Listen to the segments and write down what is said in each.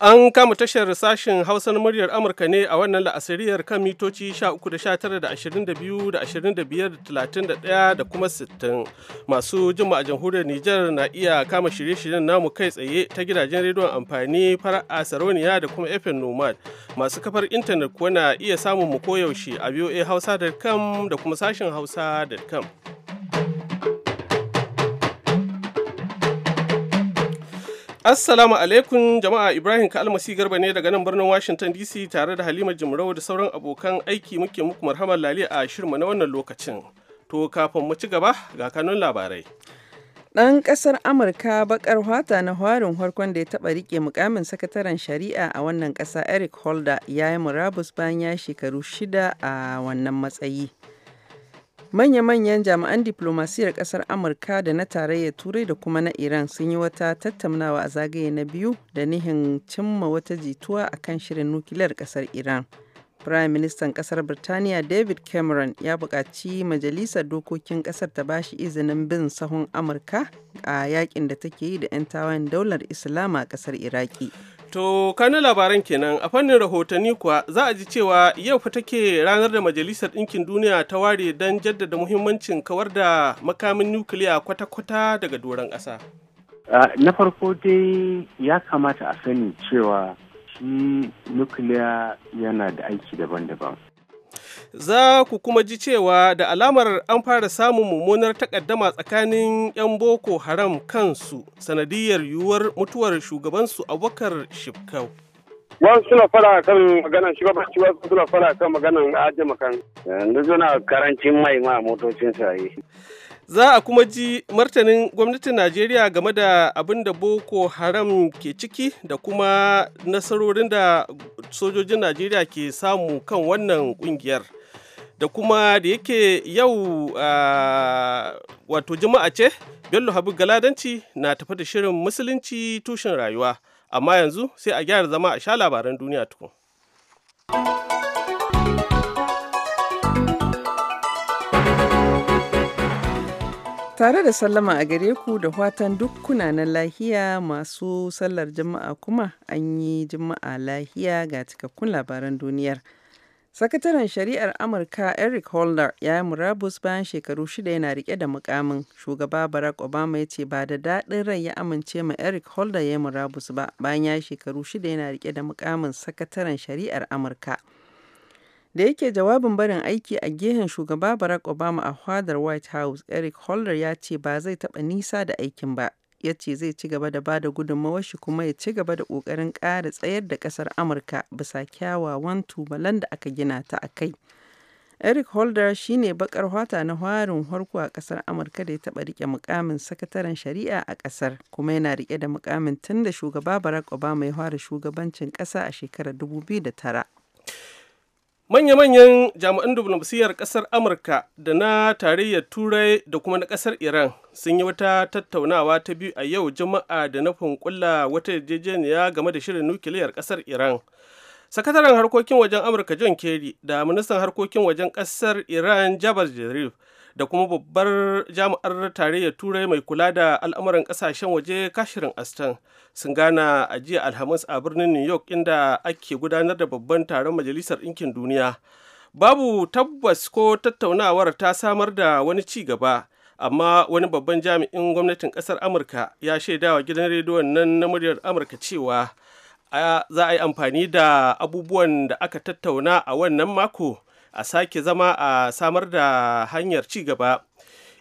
An kama tashar sashen Hausar muryar Amurka ne a wannan la'asiriyar kan mitoci 13 da 22 da 25 da 31 da kuma 60. Masu jima a jamhuriyar Nijar na iya kama shirye-shiryen namu kai tsaye ta gidajen rediyon amfani fara'a Saroniya da kuma FM Nomad. Masu kafar intanet kuwa na iya samun mu koyaushe a Hausa.com da kuma sashen hausa.com. Assalamu alaikum jama'a Ibrahim Kalmasi Garba ne daga nan birnin Washington DC tare da Halima Jimrawo da sauran abokan aiki muke muku marhamar lali a shirma na wannan lokacin. To kafin mu ci gaba ga kanun labarai. Ɗan ƙasar Amurka bakar hwata na hwarin harkon da ya taɓa rike mukamin sakataren shari'a a wannan ƙasa Eric Holder ya yi murabus bayan ya shekaru shida a wannan matsayi. Manya-manyan jami'an diflomasiyyar ƙasar Amurka da na tarayyar Turai da kuma na Iran sun yi wata tattaunawa a zagaye na biyu da nihin cimma wata jituwa a kan shirin nukiliyar ƙasar Iran. Prime Ministan ƙasar Birtaniya David Cameron ya buƙaci Majalisar Dokokin ƙasar ta bashi izinin bin sahun Amurka a yakin da take yi da 'yan tawayen daular Islama a ƙasar Iraki. To kanin labaran kenan a fannin rahotanni kuwa za a ji cewa yau fa take ranar da Majalisar Ɗinkin Duniya ta ware don jaddada muhimmancin kawar da makamin nukiliya kwata-kwata daga doron ƙasa. Na farko dai ya kamata a sani cewa shi nukiliya yana da aiki daban-daban. za ku kuma ji cewa da alamar an fara samun mummunar takaddama tsakanin 'yan boko haram kansu sanadiyar yiwuwar mutuwar shugabansu abubakar shifkau wani suna fara kan maganan shugabanci wasu suna fara kan maganan ajiye makan yanzu suna karancin mai ma motocin saye za a kuma ji martanin gwamnatin najeriya game da abin da boko haram ke ciki da kuma nasarorin da sojojin najeriya ke samu kan wannan kungiyar da kuma da yake yau wato juma'a ce bello habu galadanci na tafi da shirin musulunci tushen rayuwa amma yanzu sai a gyara zama a sha labaran duniya tukun tare da sallama a gare ku da watan kuna na lahiya masu sallar jama'a kuma an yi jama'a lahiya ga cikakkun labaran duniyar Sakataren Shari'ar Amurka Eric Holder ya yi murabus bayan shekaru shida yana rike da mukamin. Shugaba Barack Obama ya ce ba da daɗin rai ya amince ma Eric Holder ya yi murabus ba bayan ya yi shekaru shida yana rike da mukamin Sakataren Shari'ar Amurka. Da yake jawabin barin aiki a gehen shugaba Barack Obama a fadar White House, Eric Holder ya ce ba zai taɓa nisa da aikin ba, ya ce zai ci gaba da bada gudunmawar shi kuma ya ci gaba da ƙoƙarin ƙara tsayar da ƙasar Amurka bisa kyawawan tubalan da aka gina ta a kai. Eric Holder shine bakar hwata na harin harko a ƙasar Amurka da ya taba riƙe mukamin sakataren shari'a a ƙasar kuma yana riƙe da mukamin tun da shugaba Barack Obama ya fara shugabancin ƙasa a shekarar 2009. manya-manyan jami'an diflomasiyyar ƙasar amurka da na tarayyar turai da kuma na ƙasar iran sun yi wata tattaunawa ta biyu a yau juma'a da na kunkula wata yarjejeniya game da shirin nukiliyar ƙasar iran sakataren harkokin wajen amurka john kerry da ministan harkokin wajen ƙasar iran jabal jarif da kuma babbar jami'ar tarayyar turai mai kula da al'amuran kasashen waje kashirin aston sun gana a jiya alhamis a birnin new york inda ake gudanar da babban taron majalisar ɗinkin duniya babu tabbas ko tattaunawar ta samar da wani ci gaba amma wani babban jami'in gwamnatin ƙasar amurka ya shaidawa gidan rediyon nan na muryar amurka cewa za a yi amfani da abubuwan da aka tattauna a wannan mako a sake zama a samar da hanyar ci gaba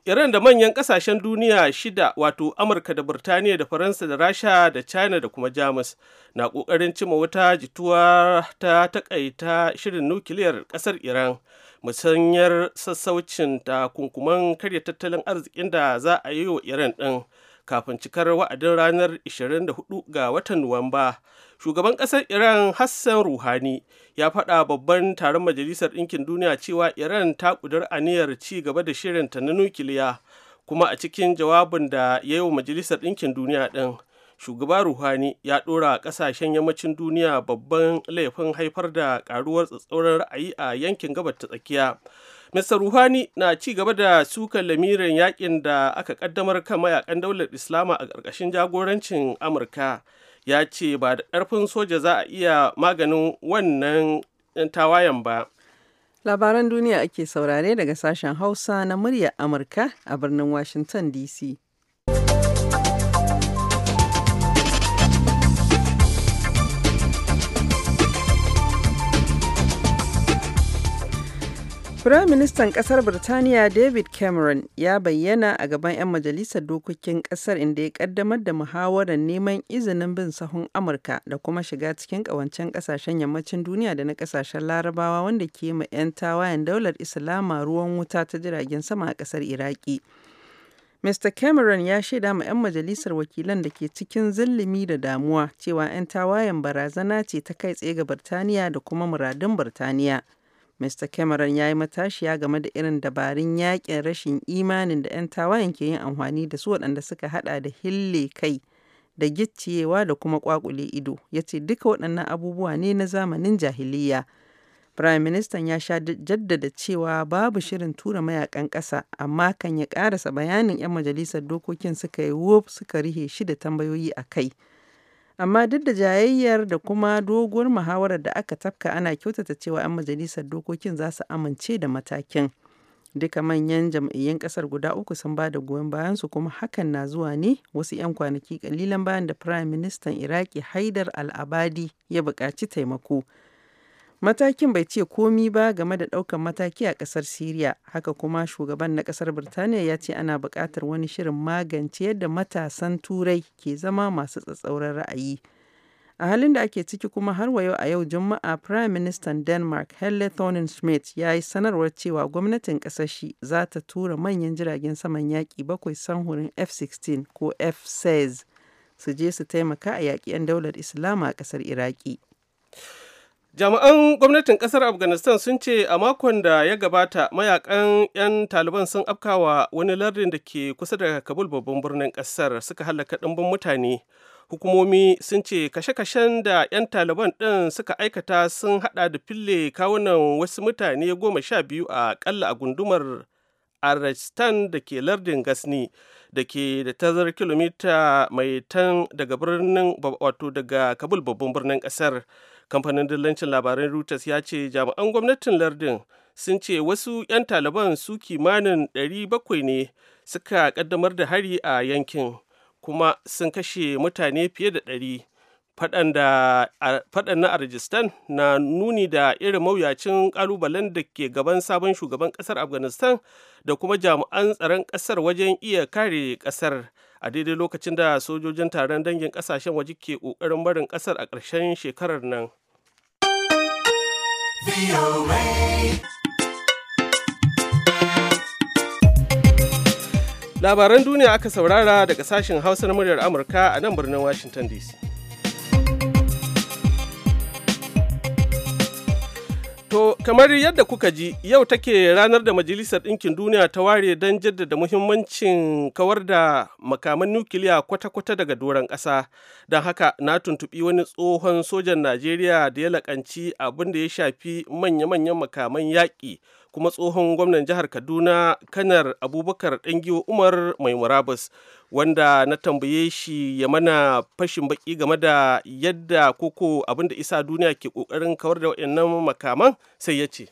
iran da manyan kasashen duniya shida wato amurka da birtaniya da faransa da rasha da china da kuma jamus na ƙoƙarin cima wata jituwa ta takaita shirin nukiliyar ƙasar iran musanyar sassaucin takunkuman karya tattalin arzikin da za a yi wa iran din kafin cikar wa'adin ranar 24 ga watan Nuwamba. Shugaban ƙasar Iran Hassan Ruhani ya faɗa babban taron Majalisar Ɗinkin Duniya cewa Iran ta ƙudur aniyar ci gaba da shirin ta na nukiliya kuma a cikin jawabin da ya yi wa Majalisar Ɗinkin Duniya ɗin. Shugaba Ruhani ya ɗora ƙasashen yammacin duniya babban laifin haifar da ƙaruwar tsatsauran ra'ayi a yankin gabar ta tsakiya. Mr. Ruhani na ci gaba da sukan lamirin yakin da aka kaddamar kan mayakan daular Islama a ƙarƙashin jagorancin Amurka. Ya ce ba da ƙarfin soja za a iya maganin wannan tawayan ba. Labaran duniya ake saurare daga sashen Hausa na murya Amurka a birnin Washington DC. Firaministan ƙasar Birtaniya David Cameron ya bayyana a gaban 'yan majalisar dokokin ƙasar inda ya ƙaddamar da muhawarar neman izinin bin sahun Amurka da kuma shiga cikin ƙawancen ƙasashen yammacin duniya da na ƙasashen larabawa wanda ke ma 'yan tawayen daular Islama ruwan wuta ta jiragen sama a ƙasar Iraki. Mr. Cameron ya shaida ma 'yan majalisar wakilan da ke cikin zillimi da damuwa cewa 'yan tawayen barazana ce ta kai tsaye ga Birtaniya da kuma muradun Birtaniya. Mr. Cameron ya yi matashiya game da irin dabarun yakin rashin imanin da 'yan tawayen ke yin amfani da su waɗanda suka hada da hille kai da gicciyewa da kuma ƙwaƙule ido. Ya ce duka waɗannan abubuwa ne na zamanin jahiliya. Prime Minister ya sha jaddada cewa babu shirin tura mayakan ƙasa, amma kan ya ƙarasa bayanin 'yan majalisar dokokin suka yi wuf suka rihe shi da tambayoyi a kai. Amma duk da jayayyar da kuma doguwar muhawarar da aka tafka ana kyautata cewa 'yan majalisar dokokin za su amince da matakin. Duka manyan jam'iyyun kasar guda uku sun ba da goyon su kuma hakan na zuwa ne wasu 'yan kwanaki kalilan bayan da Firayim Ministan Iraki Haidar al'abadi ya buƙaci taimako. Matakin bai ce komi ba game da ɗaukan mataki a ƙasar Siriya, haka kuma shugaban na ƙasar Birtaniya ya ce ana buƙatar wani shirin magance yadda matasan Turai ke zama masu tsatsauran ra'ayi. A halin da ake ciki kuma har wayo a yau Juma'a Prime Minister Denmark Helle thorning smith ya yi sanarwar cewa gwamnatin ƙasar shi za ta tura manyan jiragen saman yaƙi bakwai sanhurin F-16 ko F-16 su je su taimaka a yaƙi 'yan daular islam a ƙasar Iraki. Jami'an gwamnatin kasar Afghanistan sun ce a makon da ya gabata mayakan 'yan Taliban sun afkawa wani lardin da ke kusa da Kabul babban birnin kasar suka halaka ɗimbin mutane. Hukumomi sun ce kashe-kashen da 'yan Taliban ɗin suka aikata sun haɗa da fille kawunan wasu mutane goma sha biyu a ƙalla a gundumar Arrestan da ke lardin Gasni da ke da tazar kilomita mai tan daga birnin wato daga Kabul babban birnin ƙasar. kamfanin dillancin labaran reuters ya ce jami'an gwamnatin lardin sun ce wasu 'yan taliban su kimanin 700 ne suka kaddamar da hari a yankin kuma sun kashe mutane fiye da 100 faɗan na rajistan na nuni da irin mawuyacin kalubalen da ke gaban sabon shugaban kasar afghanistan da kuma jami'an tsaron kasar wajen iya kare kasar. a daidai lokacin da sojojin taron dangin kasashen waje ke ƙoƙarin barin ƙasar a ƙarshen shekarar nan. Labaran duniya aka saurara daga sashen Hausa na muryar Amurka a nan birnin Washington DC. To, kamar yadda kuka ji, yau take ranar da Majalisar Ɗinkin Duniya ta ware don jaddada muhimmancin kawar da makaman nukiliya kwata-kwata daga doron ƙasa. Don haka, na tuntuɓi wani tsohon sojan Najeriya da ya laƙanci abin da ya shafi manya-manyan makaman yaƙi kuma tsohon gwamnan jihar kaduna kanar abubakar ɗangiwa umar mai murabus wanda na tambaye shi ya mana fashin baki game da yadda koko abin da isa duniya ke ƙoƙarin kawar da waɗannan makaman sai ya ce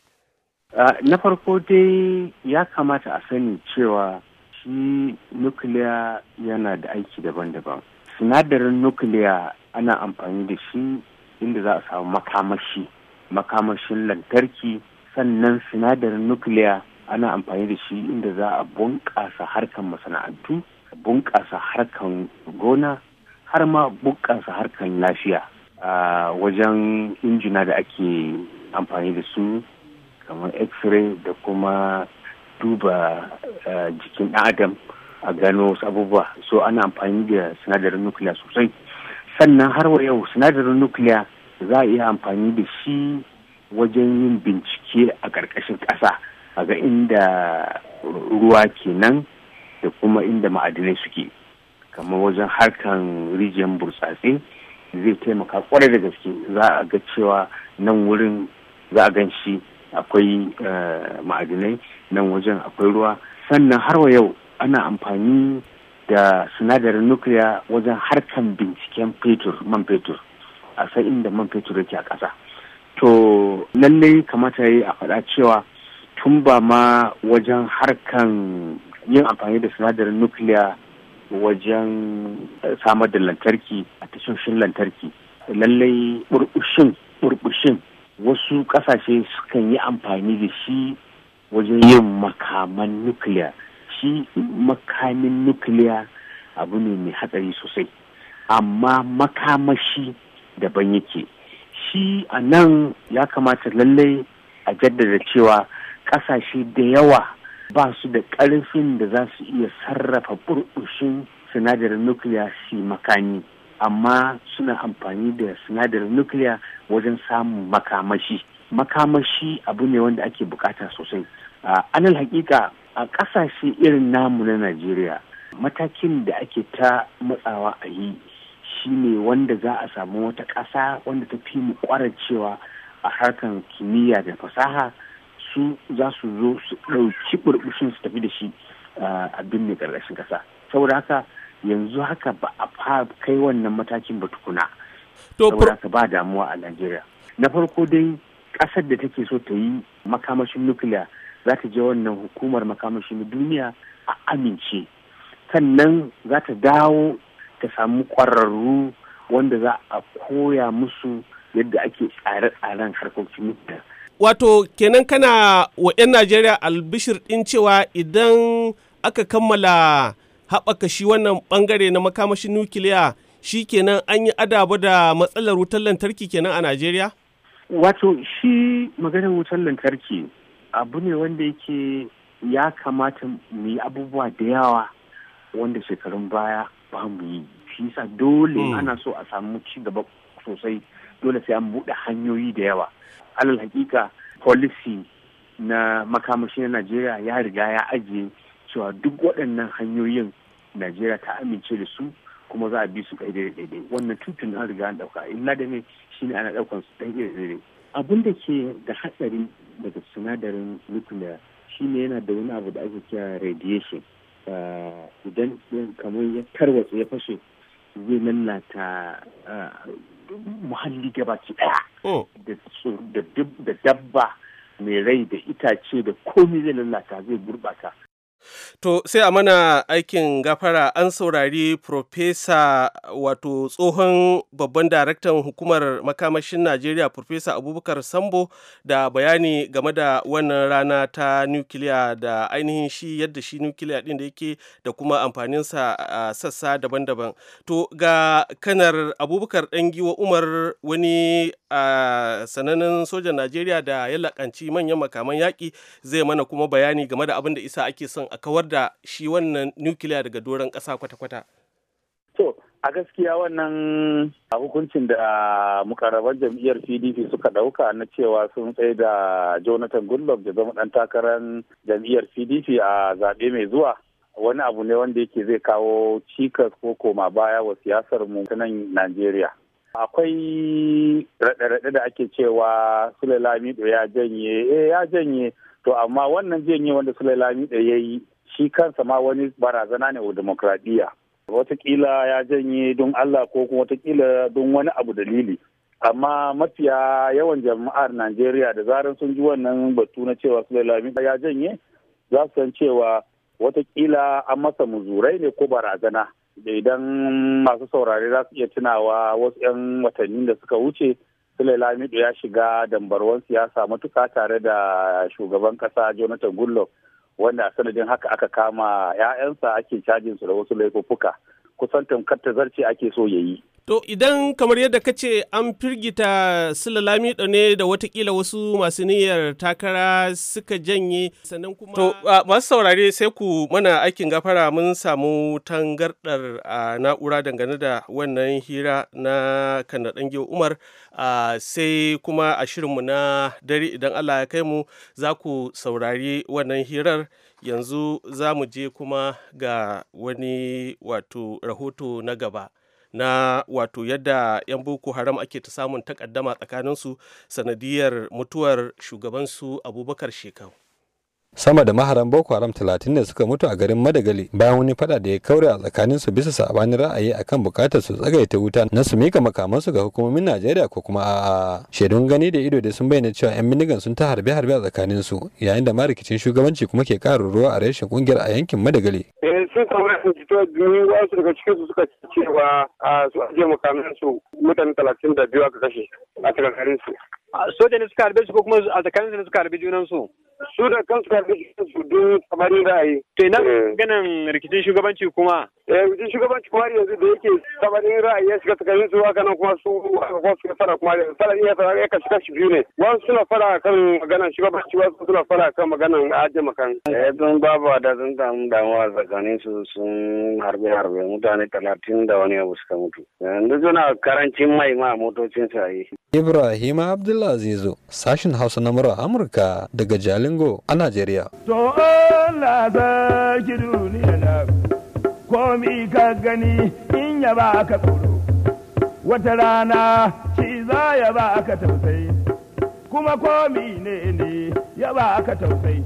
na farko dai ya kamata a sani cewa shi nukiliya yana da aiki daban-daban sinadarin nukiliya ana amfani da shi inda za a samu makamashi makamashin lantarki sannan sinadarin nukiliya ana amfani da shi inda za a bunƙasa harkan masana'antu bunƙasa harkan gona har ma bunƙasa harkan lafiya a wajen injina da ake amfani da su kamar x-ray da kuma duba jikin ɗan adam a gano wasu abubuwa so ana amfani da sinadarin nukiliya sosai sannan har wa yau sinadarin nukiliya za a iya amfani da shi wajen yin bincike a ƙarƙashin ƙasa a ga inda ruwa ke nan da kuma inda ma'adinai suke kamar wajen harkan rijiyar burtsatse zai taimaka kwarai da gaske za a ga cewa nan wurin za a gan shi akwai eh, ma'adinai nan wajen akwai ruwa sannan har wa yau ana amfani da sinadarin nukiliya wajen harkan binciken fetur man fetur a sai inda man fetur yake a ƙasa to lallai kamata ya yi a faɗa cewa tun ba ma wajen harkan yin amfani da sinadarin nukiliya wajen eh, samar da lantarki a tashoshin lantarki lallai burbushin burbushin wasu ƙasashe sukan yi amfani da shi wajen yin makaman nukiliya shi makamin nukiliya abu ne mai hatsari sosai amma makamashi daban yake shi a nan ya kamata lallai a jaddada cewa ƙasashe da yawa ba su da ƙarfin da za su iya sarrafa burbushin sinadarin nukiliya su makami amma suna amfani da sinadarin nukiliya wajen samun makamashi makamashi abu ne wanda ake bukata sosai nan hakika a ƙasashe irin namu na najeriya matakin da ake ta matsawa a yi shi ne wanda za a samu wata ƙasa wanda ta fi mu cewa a harkar kimiyya da fasaha su za su zo su ɗauki burbushin su tafi da shi ah, a birnin ƙarƙashin ƙasa saboda haka yanzu haka ba a kai wannan matakin ba tukuna saboda haka ba damuwa a najeriya na farko dai ƙasar da take so ta yi makamashin nukiliya za ta je wannan hukumar makamashin duniya a amince sannan za ta dawo ta samu kwararru wanda za a koya musu yadda ake tsare-tsaren harkokin mutum. Wato kenan kana wa 'yan Najeriya albishir ɗin cewa idan aka kammala haɓaka shi wannan ɓangare na makamashin nukiliya shi kenan an yi adaba da matsalar wutar lantarki kenan a Najeriya? Wato shi maganar wutar lantarki abu ne wanda yake ya kamata mu yi abubuwa da yawa wanda shekarun baya ba yi shi yasa dole hmm. ana so a samu ci gaba sosai dole sai an buɗe hanyoyi da yawa alal hakika policy na makamashi na najeriya ya riga ya ajiye cewa duk waɗannan hanyoyin najeriya ta amince da su kuma za a bi su ɗaiɗai daidai wannan tutun an riga an ɗauka illa da ne ana ɗaukan su ɗaiɗai ɗaiɗai abin da ke da hatsari daga sinadarin nuclear shi ne yana da wani abu da ake kira radiation idan kamar ya tarwatsa ya fashe zai lalata muhalli gaba daya oh. da dabba mai rai da itace da komi zai lalata zai gurbata To sai a mana aikin gafara an saurari Profesa wato tsohon babban daraktan hukumar makamashin Najeriya Profesa Abubakar Sambo da bayani game da wannan rana ta nukiliya da ainihin shi yadda shi nukiliya ɗin da yake da kuma amfaninsa a sassa daban-daban. To ga kanar Abubakar Ɗangiwa Umar wani a sananin sojan najeriya da ya lakanci manyan makaman yaƙi zai mana kuma bayani game da abin da isa ake son a kawar da shi wannan nukiliya daga doron ƙasa kwata-kwata to a gaskiya wannan a hukuncin da mukarraban jam'iyyar pdp suka ɗauka na cewa sun tsaye da jonathan goodluck da zama ɗan takarar jam'iyyar pdp a zaɓe mai zuwa wani abu ne wanda yake zai kawo cikas ko koma baya wa siyasar mu ta nan najeriya akwai raɗe-raɗe da ake cewa sule ɗo ya janye eh ya janye to amma wannan janye wanda sule lamido ya yi shi kansa ma wani barazana ne wa demokradiyya watakila ya janye don allah ko kuma watakila don wani abu dalili amma mafiya yawan jama'ar najeriya da zarar sun ji wannan batu na cewa sule lamido ya janye za su san cewa watakila an masa muzurai ne ko barazana da idan masu saurare za su iya tunawa wasu 'yan watanni da suka wuce sule lamido ya shiga dambarwan siyasa matuka tare da shugaban kasa jonathan goodluck wanda sanadin haka aka kama 'ya'yansa ake cajinsu da wasu laifuffuka kusan tamkar ta zarce ake so ya yi To idan kamar yadda ka ce an firgita Sulalami ne da watakila wasu masu niyyar takara suka janye sannan kuma. To masu saurare sai ku mana aikin gafara mun samu tangardar a na'ura dangane da wannan hira na kanaɗan Umar sai kuma a shirinmu na dare idan Allah ya kai mu za ku saurari wannan hirar yanzu za mu je kuma ga wani wato rahoto na gaba. na wato yadda 'yan boko haram ake ta samun takaddama tsakaninsu sanadiyar mutuwar shugabansu abubakar shekau sama da maharan boko haram talatin ne suka mutu a garin madagali bayan wani fada da ya kaure a tsakanin su bisa sabanin ra'ayi akan bukatar su tsagaita wuta na su mika makamansu ga hukumomin najeriya ko kuma a'a shaidun gani da ido da sun bayyana cewa yan bindigan sun ta harbe harbe a tsakanin su yayin da ma rikicin shugabanci kuma ke karin ruwa a reshen kungiyar a yankin madagali eh sun kaura sun fito biyu wasu daga cikin su suka cewa su ajiye makaman su mutane 32 aka kashe a tsakanin su soja suka harbe su ko kuma a tsakanin su ne suka harbe junan su su da kansu karbi su don kamar ra'ayi. Kenan ganin rikicin shugabanci kuma? Eh, rikicin shugabanci kuma yanzu da yake kamar ra'ayi ya shiga tsakanin su haka nan kuma su kuma su fara kuma fara iya fara ya kashi kashi biyu ne. Wasu suna fara kan maganan shugabanci wasu suna fara kan maganan aje makan. Eh don babu da sun samu damuwa tsakanin su sun harbe harbe mutane talatin da wani abu suka mutu. Yanzu suna karancin mai ma motocin saye. Ibrahim Abdullahi Zizo, sashin Hausa na Amurka daga Jalin Jalingo a Najeriya. na komi ka gani in ya ba wata rana shi za ya ba ka tausayi kuma komi ne ne ya ba ka tausayi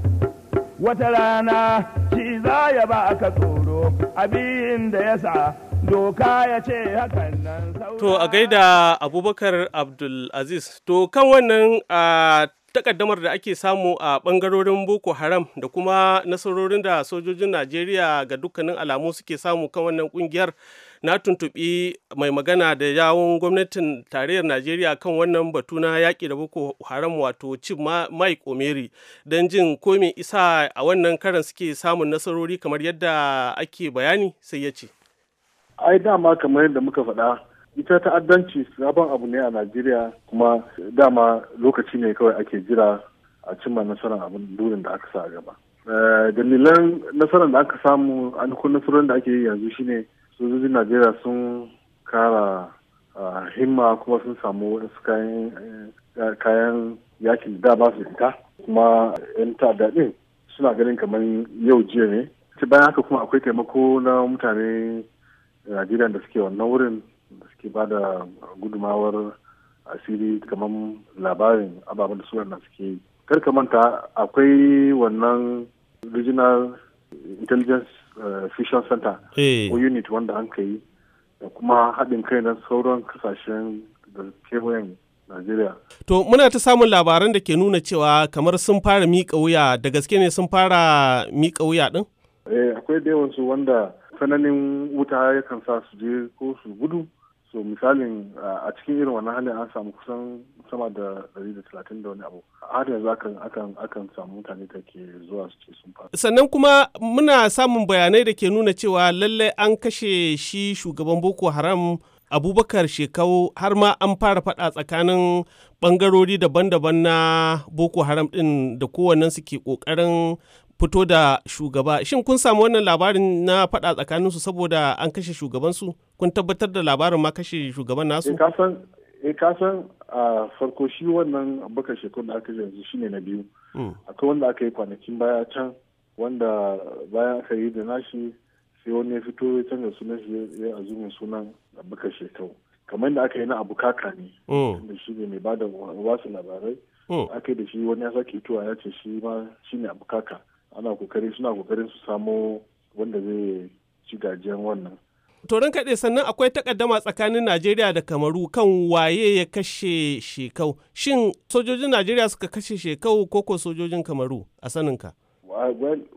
wata rana shi za ya ba ka tsoro abin da ya sa doka ya ce hakan nan To a gaida Abubakar Abdulaziz, to kan wannan ah, takaddamar da ake samu a bangarorin boko haram da kuma nasarorin da sojojin najeriya ga dukkanin alamu suke samu kan wannan kungiyar na tuntuɓi mai magana da yawon gwamnatin tarayyar najeriya kan wannan batu na yaƙi da boko haram wato cin mike omeri don jin komi isa a wannan karan suke samun nasarori kamar yadda ake bayani sai ya ce ai dama kamar yadda muka faɗa ita ta'addanci sabon abu ne a najeriya kuma dama lokaci ne kawai ake jira a cimma nasarar abin burin da aka sa a gaba eh, dalilan nasarar da aka samu an nasarar da ake yi yanzu shine sojojin najeriya sun kara ah, himma kuma sun samu wasu kayan eh, yakin da ba su ita kuma yan ta'adda din suna ganin kamar yau jiya ne bayan haka kuma akwai taimako na mutane najeriya da suke wannan wurin da suke ba da gudumawar asiri kamar labarin ababen da suna nan suke yi kar ka manta akwai wannan regional intelligence eh, fusion center eh. ko unit wanda an ka yi da kuma haɗin kai na sauran kasashen da kewayen Najeriya. To muna ta samun labaran da ke nuna cewa kamar sun fara miƙa wuya da gaske ne sun fara miƙa wuya ɗin? Eh, akwai da yawansu wanda tsananin wuta yakan sa su je ko su gudu so misalin uh, a cikin irin wannan halin an samu kusan sama da ɗari da wani abu har yanzu akan akan samu mutane da ke zuwa su ce sun fara. sannan kuma muna samun bayanai da ke nuna cewa lallai an kashe shi shugaban boko haram abubakar shekau har ma an fara faɗa tsakanin bangarori daban-daban na boko haram ɗin da kowannen su ke ƙoƙarin fito da shugaba shin kun samu wannan labarin na faɗa su saboda an kashe shugabansu kun tabbatar da labarin ma kashe shugaban eh, nasu e kasan eh, a farko shi wannan abokan shekaru da aka yanzu ne na biyu hmm. akwai wanda aka yi kwanakin baya can wanda bayan aka yi da nashi sai wani ya fito ya canza sunan shi ya azumin sunan abokan shekaru kamar da aka yi na abu kaka ne hmm. da shi ne mai bada wasu labarai hmm. aka yi da shi wani ya sake tuwa ya ce shi ma shi ne abu kaka ana kokari suna kokarin su samo wanda zai ci gajiyan wannan toron kaɗe sannan akwai takaddama tsakanin najeriya da kamaru kan waye ya kashe shekau shin sojojin najeriya suka kashe shekau koko sojojin kamaru a saninka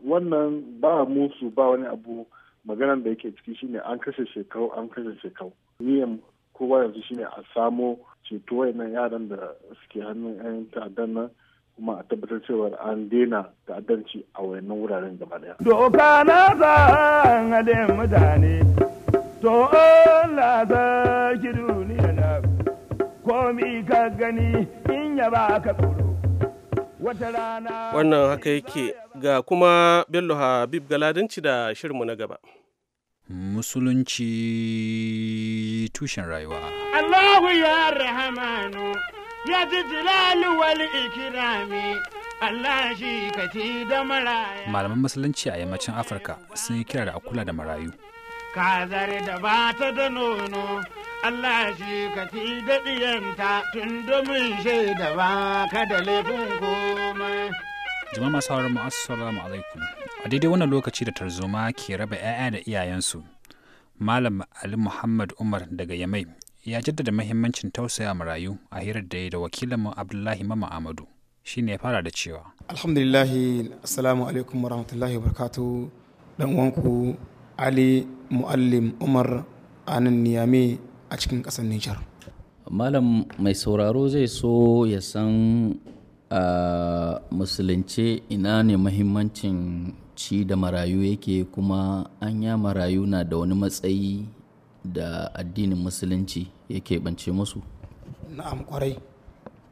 wannan ba musu ba wani abu maganan da yake ciki shine an kashe shekau an kashe shekau niyan kowa yanzu shine a samo ceto wayannan yaran da suke hannun 'yan ta'addan nan kuma a tabbatar cewa an daina ta'addanci a wayannan wuraren gaba daya. Doka na sa haɗin mutane, to Allah za ki duniya na komi ka gani in ya ba ka tsoro. Wannan haka yake ga kuma Bello Habib Galadanci da shirinmu na gaba. Musulunci tushen rayuwa. Allahu ya ya ji jilali wal ikirami Allah shi ka ci da maraya. Malaman musulunci a yammacin Afirka sun yi kira da akula da marayu. Ka zare da bata da nono, Allah shi ka ci da ɗiyanta tun domin shaida ba ka da laifin komai. Jama'a masu haurar mu assalamu alaikum. A daidai wannan lokaci da tarzoma ke raba 'ya'ya da iyayensu. Malam Ali Muhammad Umar daga Yamai ya jaddada mahimmancin tausaya marayu a hirar da ya da wakilinmu abdullahi mama amadu shi ne ya fara da cewa alhamdulillahi assalamu alaikum wa wabarakatuh dan uwanku ali muallim umar anan niyame a cikin ƙasar nijar malam mai sauraro zai so ya san a musulunce ina ne mahimmancin ci da marayu yake kuma an ya marayu na da wani matsayi da addinin musulunci yake bance musu na'am kwarai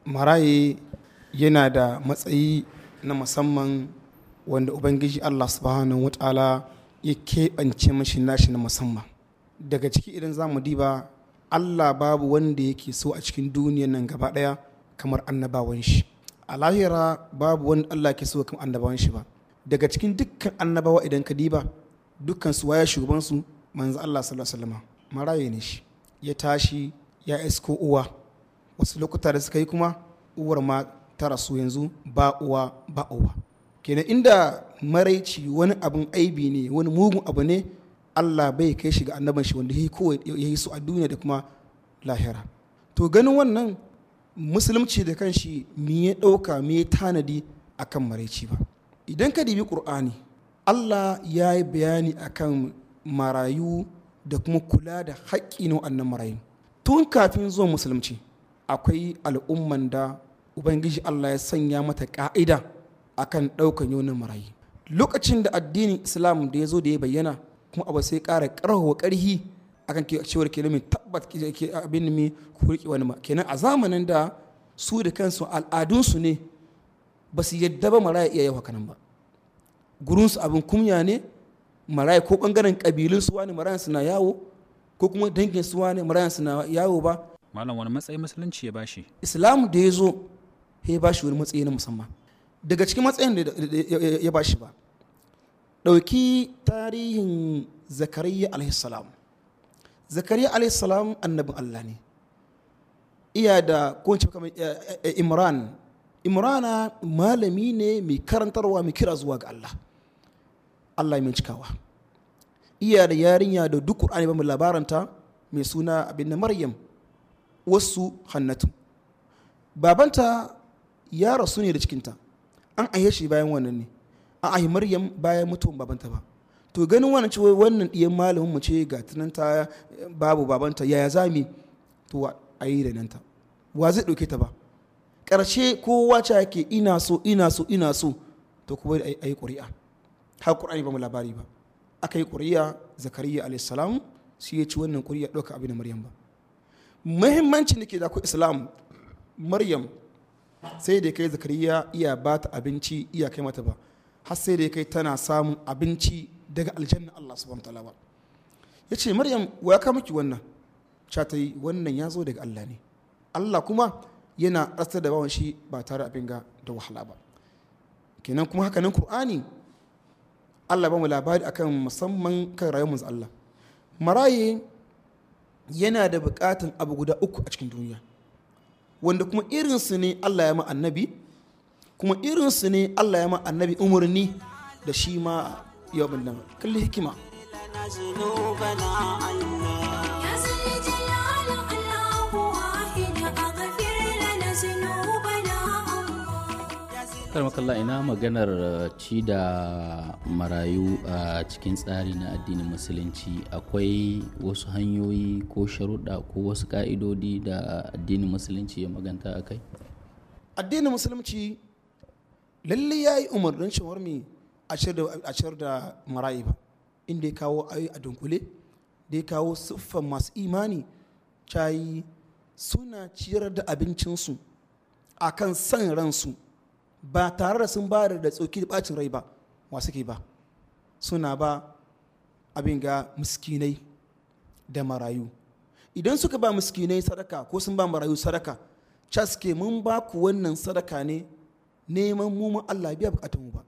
maraye yana da matsayi na musamman wanda ubangiji allah subhanahu wata'ala ya keɓance mashi nashi na musamman daga ciki idan za mu diba allah babu wanda yake so a cikin duniyan nan gaba ɗaya kamar annabawan shi a lahira babu wanda allah ke so kamar annabawan shi ba daga cikin dukkan annabawa idan ka diba dukkan su waya shugabansu manzo allah sallallahu alaihi maraye ne shi ya tashi ya isko uwa wasu lokuta da suka yi kuma uwar ma ta rasu yanzu ba uwa ba uwa kenan inda maraici wani abin aibi ne wani mugun abu ne allah bai kai shi ga annaban shi wanda ya yi su a duniya da kuma lahira to ganin wannan musulunci da kanshi me ya ɗauka me tanadi a kan maraici ba idan ka dibi ƙur'ani allah ya yi bayani akan marayu da kuma kula da haƙƙi na marayu tun kafin zuwa musulunci akwai al'umman da ubangiji allah ya sanya mata ƙa'ida akan ɗaukan yonin marayu lokacin da addinin islam da ya zo da ya bayyana kuma abu sai ƙara ƙarfafa ƙarhi akan cewar kilimin tabbat abin mai kurki wani ma kenan a zamanin da su da kansu al'adunsu ne ba su yadda ba maraya iya yau hakanan ba gurinsu abin kumya ne marayu ko bangaren kabilun suwa wani marayan suna yawo ko kuma dangin suwa wani marayan suna yawo ba malam wani matsayi musulunci ya bashi islam da ya zo ya bashi wani matsayi na musamman daga cikin matsayin da ya bashi ba ɗauki tarihin zakariya alaihissalam zakariya alaihissalam annabin allah ne iya da ko kamar eh, eh, imran imrana malami ne mai karantarwa mai kira zuwa ga allah Allah mai cikawa iya da yarinya da duk ƙur'ani ba mu labaranta mai suna abin na Maryam wasu Hannatu babanta ya rasu ne da cikinta an ahe shi bayan wannan ne an ahi Maryam bayan mutuwan babanta ba to ganin wannan cewa wannan ɗiyan malamin mu ce ga tunanta babu babanta yaya zami to a yi da nanta wa zai ɗauke ta ba ƙarshe kowa ce ke ina so ina so ina so to kuma a yi ƙuri'a har ƙur'ani ba mu labari ba aka yi ƙuriya zakariya alaihissalam su sai ya ci wannan ƙuriya ɗauka abin da maryam ba muhimmanci da ke da ku islam maryam sai da kai zakariya iya ba ta abinci iya kai mata ba har sai da kai tana samun abinci daga aljanna Allah subhanahu wataala ba ya ce maryam wa kama miki wannan cha ta yi wannan ya zo daga Allah ne Allah kuma yana rasta da bawan shi ba tare abin ga da wahala ba kenan kuma haka nan Qur'ani Allah ba mu labari akan musamman kan rayuwar manzo Allah marayi yana da bukatan abu guda uku a cikin duniya wanda kuma irinsu ne Allah ya ma annabi kuma irinsu ne Allah ya ma annabi umarni da shi ma yau kalli hikima makalla ina maganar eh, ci da marayu a cikin tsari na addinin musulunci akwai wasu hanyoyi ko sharuɗa ko wasu ƙa'idodi da addinin musulunci ya maganta a kai addinin musulunci lalle ya yi umarnin cewar mai a shirar da marayu ba inda ya kawo ayi a dunkule da ya kawo siffan masu imani cayi suna ciyar da abincinsu a kan san ransu ba tare da sun ba da tsoki da bacin rai ba wa suke ba suna ba abin ga miskinai da marayu idan suka ba miskinai sadaka ko sun ba marayu sadaka caske mun ba ku wannan sadaka ne neman mu mun Allah biya bukatun mu ba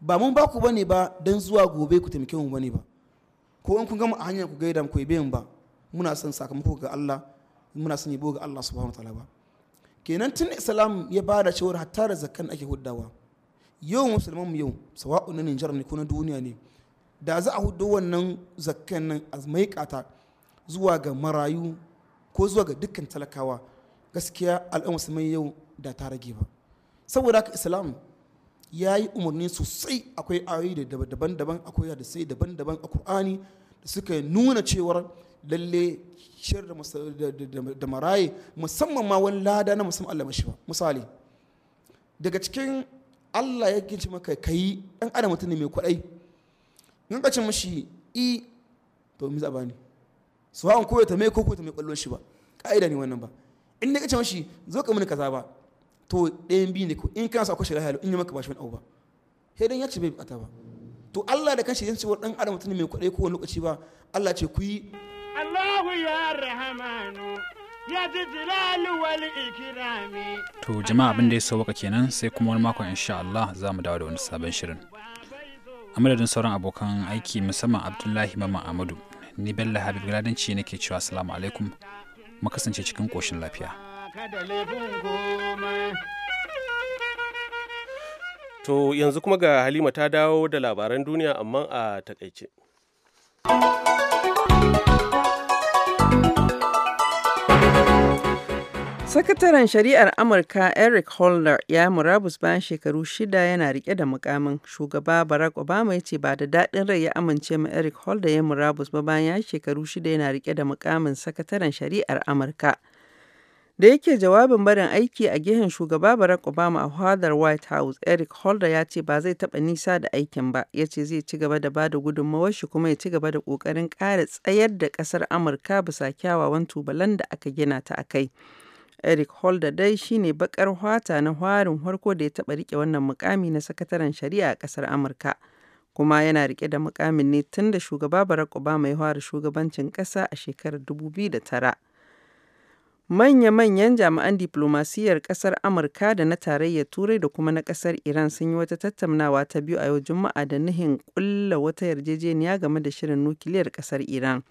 ba mun ba ku bane ba don zuwa gobe ku taimake mu bane ba ko in kun gama a hanyar ku gaida mu ku yi ba muna son sakamako ga Allah muna son yabo ga Allah subhanahu wa ta'ala ba kenan tun islam ya ba da cewar hatta da zakan ake huddawa yau musulman yau sawa'u na nijar ne ko na duniya ne da za a hudu wannan zakan nan a mai kata zuwa ga marayu ko zuwa ga dukkan talakawa gaskiya al'ummar musulman yau da ta rage ba saboda haka islam ya yi umarni sosai akwai ayoyi daban-daban akwai hadisai daban-daban a kur'ani da suka nuna cewar lalle shir da maraye musamman ma wani lada na musamman Allah mashi ba misali daga cikin Allah ya ginci maka kai dan adam mutum ne mai kwadai in ka ce mashi i to mi zaba ne su hawan koyo ta mai koko ta mai kwallon shi ba ka'ida ne wannan ba in ne ka ce mashi zo ka mini kaza ba to ɗayan biyu ne ko in kana so akwai shari'a in yi maka ba shi wani abu ba sai dan ya ce bai bukata ba to Allah da kanshi yin wa dan adam mutum ne mai kwadai kowane lokaci ba Allah ce ku yi Allahu ya rahamanu ya ji ikirami. To jama'a abin da ya sauwaka kenan sai kuma wani makon insha Allah za mu dawo da wani sabon shirin. A madadin sauran abokan aiki musamman Abdullahi Mamman Amadu, ni Bello Habib Gladanci nake cewa salamu alaikum mu kasance cikin koshin lafiya. To yanzu kuma ga Halima ta dawo da labaran duniya amma a takaice. Sakataren Shari'ar Amurka Eric Holder ya murabus bayan shekaru shida yana rike da mukamin. Shugaba Barack Obama ya ce ba da daɗin rai ya amince ma Eric Holder ya murabus ba bayan ya shekaru shida yana rike da mukamin Sakataren Shari'ar Amurka. Da yake jawabin barin aiki a gehen shugaba Barack Obama a fadar White House, Eric Holder ya ce ba zai taɓa nisa da aikin ba, ya ce zai ci gaba da ba da gudunmawar shi kuma ya ci gaba da ƙoƙarin ƙara tsayar da ƙasar Amurka bisa kyawawan tubalan da aka gina ta a kai. Eric Holder dai shine bakar baƙar hwata na hwarin harko da ya taɓa riƙe wannan mukami na sakataren shari'a a ƙasar Amurka. Kuma yana rike da mukamin ne tun da shugaba Barack Obama ya hwara shugabancin ƙasa a shekarar 2009. Manya-manyan jami'an diplomasiyyar ƙasar Amurka da na tarayyar Turai da kuma na ƙasar Iran sun yi wata tattaunawa ta biyu a yau Juma'a da nihin ƙulla wata yarjejeniya game da shirin nukiliyar ƙasar Iran.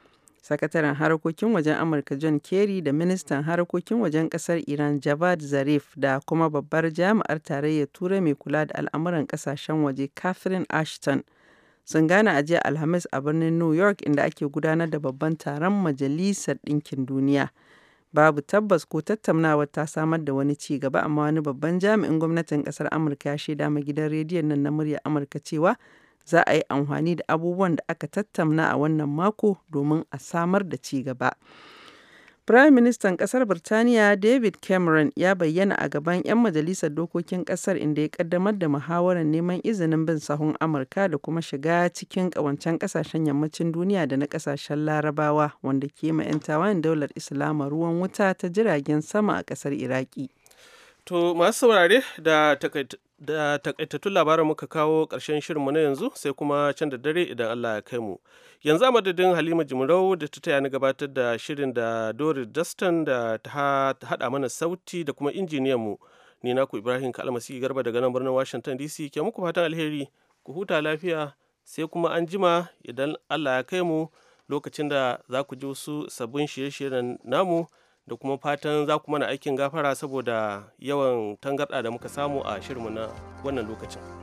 Sakataren harkokin wajen Amurka John Kerry da ministan harkokin wajen kasar Iran Javad Zarif da kuma babbar jami'ar tarayyar Turai mai kula da al'amuran kasashen waje Catherine Ashton sun gane a Alhamis a birnin New York inda ake gudanar da babban taron Majalisar Ɗinkin Duniya. babu tabbas ko tattaunawar ta samar da wani ci gaba amma wani babban jami'in gwamnatin kasar amurka ya shaida ma gidan rediyon nan na murya amurka cewa Za a yi amfani da abubuwan da aka tattauna a wannan mako domin a samar da ci gaba. ministan ƙasar Birtaniya David Cameron ya bayyana a gaban 'yan majalisar dokokin ƙasar inda ya kaddamar da muhawarar neman izinin bin sahun Amurka da kuma shiga cikin ƙawancen ƙasashen yammacin duniya da na ƙasashen Larabawa wanda ke ma 'yan daular Islama ruwan wuta ta jiragen sama a ƙasar Iraki. To masu saurare da da takaitattun labarin muka kawo ƙarshen shirinmu na yanzu sai kuma can da dare idan Allah ya kai mu. Yanzu a madadin Halima Jimrau da ta taya ni gabatar da shirin da Dori Dustin da ta haɗa mana sauti da kuma injiniyan mu. Ni naku Ibrahim Kalmasi Garba daga nan birnin Washington DC ke muku fatan alheri ku huta lafiya sai kuma an jima idan Allah ya kai mu lokacin da za ku ji wasu sabbin shirye-shiryen namu. da kuma fatan za ku mana aikin gafara saboda yawan tangarɗa da muka samu a shirinmu na wannan lokacin.